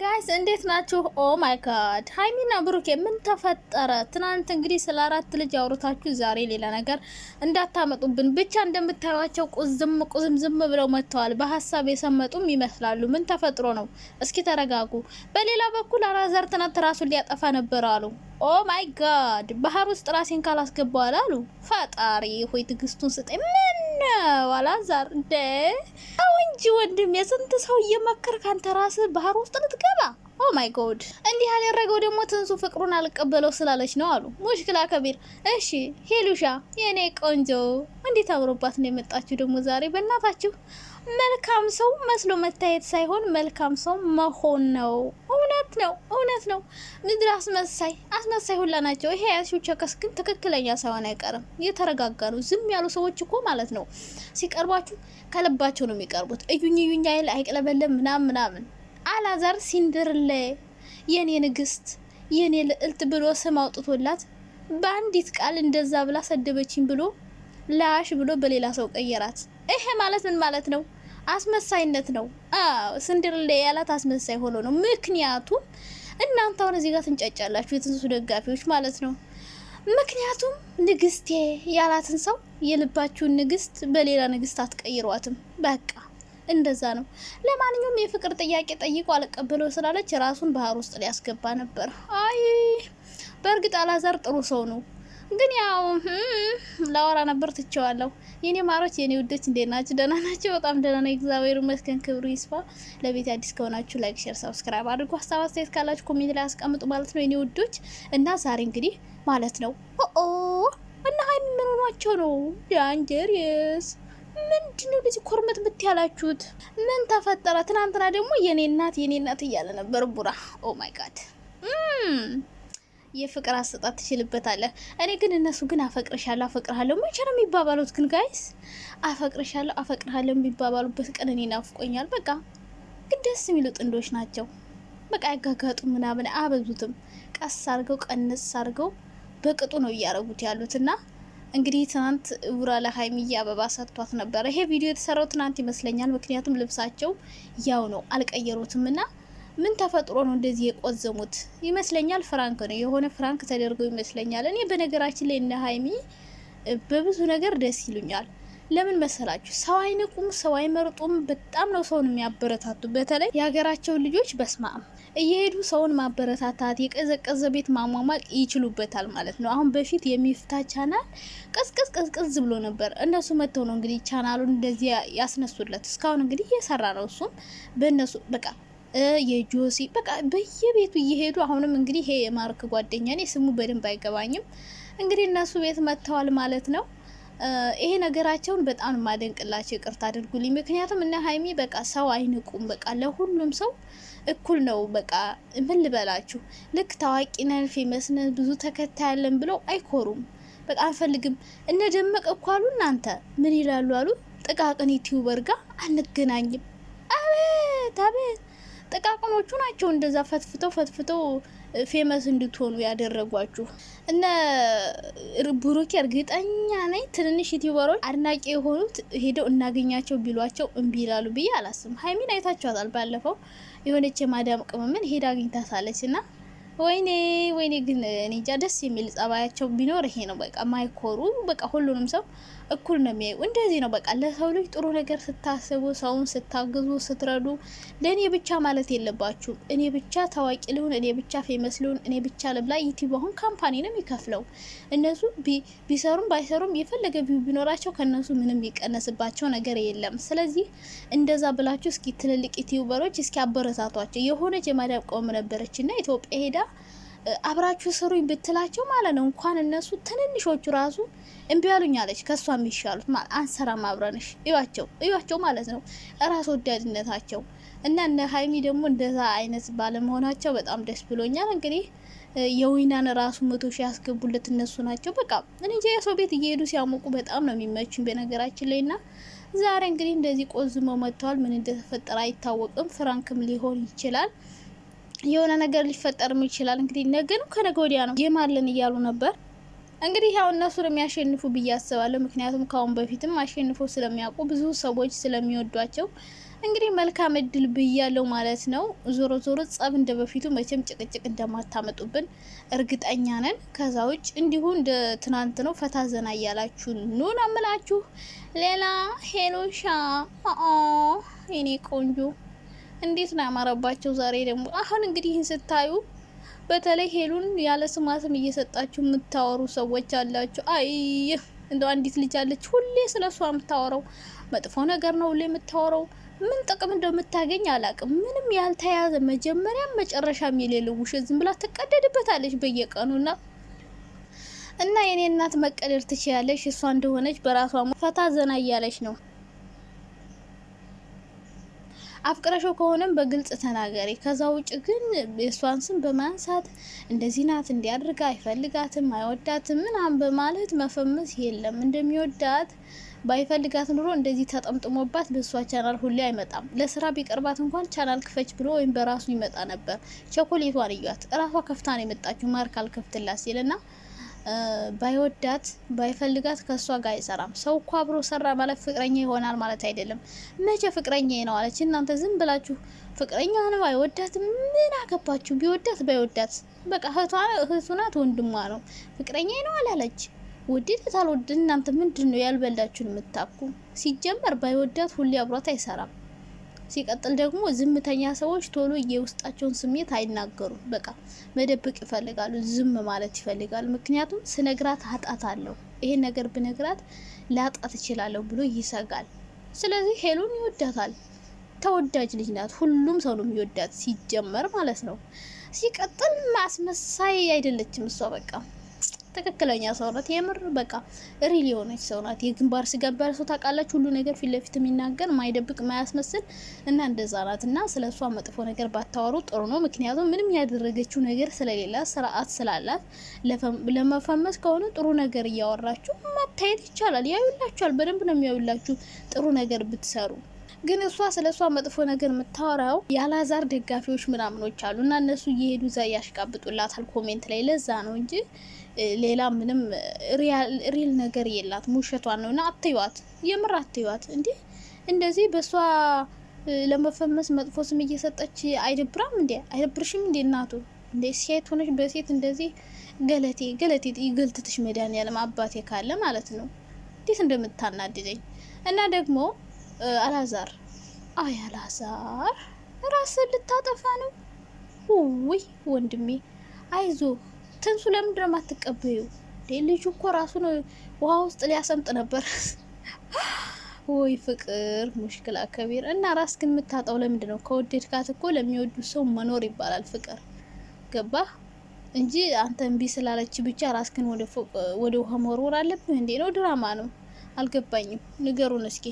ጋይስ እንዴት ናችሁ? ኦ ማይ ጋድ ሀይሚና ብሩኬ ምን ተፈጠረ? ትናንት እንግዲህ ስለ አራት ልጅ አውርታችሁ ዛሬ ሌላ ነገር እንዳታመጡብን። ብቻ እንደምታዩቸው ቁዝም ዝም ብለው መጥተዋል። በሀሳብ የሰመጡም ይመስላሉ። ምን ተፈጥሮ ነው? እስኪ ተረጋጉ። በሌላ በኩል አላዛር ትናንት ራሱን ሊያጠፋ ነበር አሉ። ኦ ማይ ጋድ ባህር ውስጥ ራሴን ካላስገባዋል አሉ። ፈጣሪ ሆይ ትግስቱን ስጠኝ። ምን አላዛር እንደ አው እንጂ ወንድም የስንት ሰው እየመከር ካንተ ራስ ባህር ውስጥ ልትገ ሲገባ ኦ ማይ ጎድ እንዲህ ያደረገው ደግሞ ትንሱ ፍቅሩን አልቀበለው ስላለች ነው አሉ ሙሽክላ ከቢር። እሺ ሄሉሻ የእኔ ቆንጆ እንዴት አምሮባት ነው የመጣችሁ ደግሞ ዛሬ በእናታችሁ። መልካም ሰው መስሎ መታየት ሳይሆን መልካም ሰው መሆን ነው። እውነት ነው፣ እውነት ነው። ምድር አስመሳይ አስመሳይ ሁላ ናቸው። ይሄ ያልሺው ቸከስ ግን ትክክለኛ ሳይሆን አይቀርም። የተረጋጋ ነው። ዝም ያሉ ሰዎች እኮ ማለት ነው ሲቀርባችሁ ከልባቸው ነው የሚቀርቡት። እዩኝ እዩኝ አይል አይቅለበለም ምናምን ምናምን አላዛር ሲንደርሌ የኔ ንግስት የኔ ልዕልት ብሎ ስም አውጥቶላት በአንዲት ቃል እንደዛ ብላ ሰደበችኝ ብሎ ላሽ ብሎ በሌላ ሰው ቀየራት። ይሄ ማለት ምን ማለት ነው? አስመሳይነት ነው። አዎ ሲንደርሌ ያላት አስመሳይ ሆኖ ነው። ምክንያቱም እናንተ አሁን እዚህ ጋር ትንጫጫላችሁ፣ የትንሱ ደጋፊዎች ማለት ነው። ምክንያቱም ንግስቴ ያላትን ሰው የልባችሁን ንግስት በሌላ ንግስት አትቀይሯትም። በቃ እንደዛ ነው። ለማንኛውም የፍቅር ጥያቄ ጠይቆ አልቀበለው ስላለች ራሱን ባህር ውስጥ ሊያስገባ ነበር። አይ በእርግጥ አላዛር ጥሩ ሰው ነው፣ ግን ያው ላወራ ነበር ትቸዋለሁ። የኔ ማሮች፣ የኔ ውዶች እንዴት ናቸው? ደህና ናቸው? በጣም ደህና ነው፣ እግዚአብሔር ይመስገን፣ ክብሩ ይስፋ። ለቤት አዲስ ከሆናችሁ ላይክ፣ ሼር፣ ሰብስክራይብ አድርጉ። ሀሳብ አስተያየት ካላችሁ ኮሜንት ላይ አስቀምጡ ማለት ነው የኔ ውዶች። እና ዛሬ እንግዲህ ማለት ነው ኦ እና ሀይሚ ምን ሆኗቸው ነው ዳንጀርየስ ምንድነው እንደዚህ ኮርመት ብትያላችሁት? ምን ተፈጠረ? ትናንትና ደግሞ የኔ እናት የኔ እናት እያለ ነበር ቡራ። ኦ ማይ ጋድ የፍቅር አሰጣት ትችልበታለህ። እኔ ግን እነሱ ግን አፈቅርሻለሁ አፈቅርሃለሁ መቼ ነው የሚባባሉት? ግን ጋይስ አፈቅርሻለሁ አፈቅርሃለሁ የሚባባሉበት ቀን እኔ ናፍቆኛል። በቃ ግን ደስ የሚሉ ጥንዶች ናቸው። በቃ ያጋጋጡ ምናምን አበዙትም። ቀስ አርገው ቀንስ አርገው በቅጡ ነው እያረጉት ያሉት እና እንግዲህ ትናንት ውራ ለሀይሚዬ አበባ ሰጥቷት ነበረ። ይሄ ቪዲዮ የተሰራው ትናንት ይመስለኛል። ምክንያቱም ልብሳቸው ያው ነው አልቀየሩትም። ና ምን ተፈጥሮ ነው እንደዚህ የቆዘሙት ይመስለኛል። ፍራንክ ነው የሆነ ፍራንክ ተደርገው ይመስለኛል። እኔ በነገራችን ላይ እነ ሀይሚ በብዙ ነገር ደስ ይሉኛል። ለምን መሰላችሁ? ሰው አይንቁም፣ ሰው አይመርጡም። በጣም ነው ሰውን የሚያበረታቱ። በተለይ የሀገራቸውን ልጆች በስማም እየሄዱ ሰውን ማበረታታት፣ የቀዘቀዘ ቤት ማሟሟቅ ይችሉበታል ማለት ነው። አሁን በፊት የሚፍታ ቻናል ቀዝቀዝ ቀዝቀዝ ብሎ ነበር። እነሱ መጥተው ነው እንግዲህ ቻናሉን እንደዚህ ያስነሱለት። እስካሁን እንግዲህ እየሰራ ነው። እሱም በእነሱ በቃ የጆሲ በቃ በየቤቱ እየሄዱ አሁንም እንግዲህ ይሄ የማርክ ጓደኛ ስሙ በደንብ አይገባኝም። እንግዲህ እነሱ ቤት መጥተዋል ማለት ነው። ይሄ ነገራቸውን በጣም ማደንቅላቸው፣ ይቅርታ አድርጉልኝ። ምክንያቱም እነ ሀይሚ በቃ ሰው አይንቁም፣ በቃ ለሁሉም ሰው እኩል ነው። በቃ ምን ልበላችሁ፣ ልክ ታዋቂ ነን፣ ፌመስ ነን፣ ብዙ ተከታይ ያለን ብለው አይኮሩም። በቃ አንፈልግም። እነ ደመቀ እኮ አሉ እናንተ ምን ይላሉ አሉ ጥቃቅን ዩቲዩበር ጋር አንገናኝም። አቤት አቤት፣ ጥቃቅኖቹ ናቸው እንደዛ ፈትፍተው ፈትፍተው ፌመስ እንድትሆኑ ያደረጓችሁ እነ ብሩኬ እርግጠኛ ነኝ ትንንሽ ዩቲዩበሮች አድናቂ የሆኑት ሄደው እናገኛቸው ቢሏቸው እምቢ ይላሉ ብዬ አላስብም። ሀይሚን አይታችኋታል። ባለፈው የሆነች የማዳም ቅመምን ሄዳ አግኝታታለች ና ወይኔ ወይኔ ግን እኔ እንጃ ደስ የሚል ጸባያቸው ቢኖር ይሄ ነው። በቃ ማይኮሩ በቃ ሁሉንም ሰው እኩል ነው የሚያዩ። እንደዚህ ነው በቃ ለሰው ልጅ ጥሩ ነገር ስታስቡ፣ ሰውን ስታግዙ፣ ስትረዱ ለእኔ ብቻ ማለት የለባችሁም። እኔ ብቻ ታዋቂ ልሁን፣ እኔ ብቻ ፌመስ ልሁን፣ እኔ ብቻ ልብላ። ዩቲዩብ አሁን ካምፓኒ ነው የሚከፍለው። እነሱ ቢሰሩም ባይሰሩም የፈለገ ቪው ቢኖራቸው ከእነሱ ምንም የሚቀነስባቸው ነገር የለም። ስለዚህ እንደዛ ብላችሁ እስኪ ትልልቅ ዩቲዩበሮች እስኪ አበረታቷቸው። የሆነች የማዳብ ቆም ነበረች እና ኢትዮጵያ ሄዳ አብራችሁ ስሩኝ ብትላቸው ማለት ነው እንኳን እነሱ ትንንሾቹ ራሱ እምቢ ያሉኝ አለች። ከእሷ የሚሻሉት ማለት አንሰራም አብረንሽ እዩዋቸው ማለት ነው ራስ ወዳድነታቸው እና እነ ሀይሚ ደግሞ እንደዛ አይነት ባለመሆናቸው በጣም ደስ ብሎኛል። እንግዲህ የዊናን ራሱ መቶ ሺ ያስገቡለት እነሱ ናቸው። በቃ እንጂ የሰው ቤት እየሄዱ ሲያሞቁ በጣም ነው የሚመቹኝ በነገራችን ላይ እና ዛሬ እንግዲህ እንደዚህ ቆዝመው መጥተዋል። ምን እንደተፈጠረ አይታወቅም። ፍራንክም ሊሆን ይችላል የሆነ ነገር ሊፈጠርም ይችላል። እንግዲህ ነገ ነው ከነገ ወዲያ ነው የማለን እያሉ ነበር። እንግዲህ ያው እነሱ የሚያሸንፉ ብዬ አስባለሁ። ምክንያቱም ካሁን በፊትም አሸንፎ ስለሚያውቁ ብዙ ሰዎች ስለሚወዷቸው እንግዲህ መልካም እድል ብያለው ማለት ነው። ዞሮ ዞሮ ጸብ እንደ በፊቱ መቼም ጭቅጭቅ እንደማታመጡብን እርግጠኛ ነን። ከዛ ውጭ እንዲሁ እንደ ትናንት ነው ፈታ ዘና እያላችሁ ኑን አምላችሁ ሌላ ሄሎሻ የኔ ቆንጆ እንዴት ነው ያማረባቸው ዛሬ ደግሞ። አሁን እንግዲህ ይህን ስታዩ በተለይ ሄሉን ያለ ስሟ ስም እየሰጣችሁ የምታወሩ ሰዎች አላችሁ። አይ እንደው አንዲት ልጅ አለች ሁሌ ስለ እሷ የምታወራው መጥፎ ነገር ነው ሁሌ የምታወራው። ምን ጥቅም እንደምታገኝ አላቅም። ምንም ያልተያዘ መጀመሪያም መጨረሻም የሌለው ውሸት ዝም ብላ ትቀደድበታለች በየቀኑና እና የኔ እናት መቀደር ትችላለች። እሷ እንደሆነች በራሷ ፈታ ዘና እያለች ነው። አፍቅረሾ ከሆነም በግልጽ ተናገሪ። ከዛ ውጭ ግን የእሷን ስም በማንሳት እንደዚህ ናት እንዲያደርግ አይፈልጋትም፣ አይወዳትም ምናምን በማለት መፈመስ የለም። እንደሚወዳት ባይፈልጋት ኑሮ እንደዚህ ተጠምጥሞባት በእሷ ቻናል ሁሌ አይመጣም። ለስራ ቢቀርባት እንኳን ቻናል ክፈች ብሎ ወይም በራሱ ይመጣ ነበር። ቸኮሌቷን እያት እራሷ ከፍታ ነው የመጣችው ማርክ አልከፍትላት ሲልና ባይወዳት ባይፈልጋት ከእሷ ጋር አይሰራም። ሰው እኮ አብሮ ሰራ ማለት ፍቅረኛ ይሆናል ማለት አይደለም። መቼ ፍቅረኛ ነው አለች። እናንተ ዝም ብላችሁ ፍቅረኛ ነው አይወዳት፣ ምን አገባችሁ? ቢወዳት ባይወዳት በቃ እህቱ ናት፣ ወንድሟ ነው። ፍቅረኛ ነው አላለች። ወደዳት አልወደድ፣ እናንተ ምንድን ነው ያልበላችሁን የምታኩ? ሲጀመር ባይወዳት ሁሌ አብሯት አይሰራም። ሲቀጥል ደግሞ ዝምተኛ ሰዎች ቶሎ የውስጣቸውን ስሜት አይናገሩም። በቃ መደበቅ ይፈልጋሉ፣ ዝም ማለት ይፈልጋሉ። ምክንያቱም ስነግራት አጣት አለው ይሄን ነገር ብነግራት ላጣት እችላለሁ ብሎ ይሰጋል። ስለዚህ ሄሉን ይወዳታል። ተወዳጅ ልጅ ናት። ሁሉም ሰው ነው የሚወዳት ሲጀመር ማለት ነው። ሲቀጥል ማስመሳይ አይደለችም እሷ በቃ ትክክለኛ ሰው ናት። የምር በቃ ሪል የሆነች ሰው ናት። የግንባር ስጋ ሰው ታውቃላችሁ። ሁሉ ነገር ፊት ለፊት የሚናገር ማይደብቅ፣ ማያስመስል እና እንደዛ ናት። እና ስለ እሷ መጥፎ ነገር ባታወሩ ጥሩ ነው። ምክንያቱም ምንም ያደረገችው ነገር ስለሌላት ስርዓት ስላላት፣ ለመፈመስ ከሆነ ጥሩ ነገር እያወራችሁ ማታየት ይቻላል። ያዩላችኋል። በደንብ ነው የሚያዩላችሁ ጥሩ ነገር ብትሰሩ ግን እሷ ስለ እሷ መጥፎ ነገር የምታወራው የአላዛር ደጋፊዎች ምናምኖች አሉ እና እነሱ እየሄዱ እዛ ያሽቃብጡላታል ኮሜንት ላይ። ለዛ ነው እንጂ ሌላ ምንም ሪል ነገር የላት ውሸቷን ነው እና አትዩዋት፣ የምር አትዩዋት። እንዲህ እንደዚህ በእሷ ለመፈመስ መጥፎ ስም እየሰጠች አይደብራም እንዴ? አይደብርሽም እንዴ? እናቱ እንደ ሴት ሆነች በሴት እንደዚህ ገለቴ ገለቴ ይገልትትሽ መድኃኒዓለም አባቴ ካለ ማለት ነው። እንዴት እንደምታናድደኝ እና ደግሞ አላዛር አይ አላዛር ራስን ልታጠፋ ነው። ውይ ወንድሜ አይዞ ትንሱ ለምንድነው ነው የማትቀበዩ? ልጁ እኮ ራሱን ውሃ ውስጥ ሊያሰምጥ ነበር። ወይ ፍቅር ሙሽክል አከቢር እና ራስ ግን የምታጣው ለምንድ ነው? ከወደድ ካት እኮ ለሚወዱ ሰው መኖር ይባላል ፍቅር ገባ እንጂ አንተ እምቢ ስላለች ብቻ ራስ ግን ወደ ውሃ መወርወር አለብህ እንዴ? ነው ድራማ ነው አልገባኝም። ንገሩን እስኪ።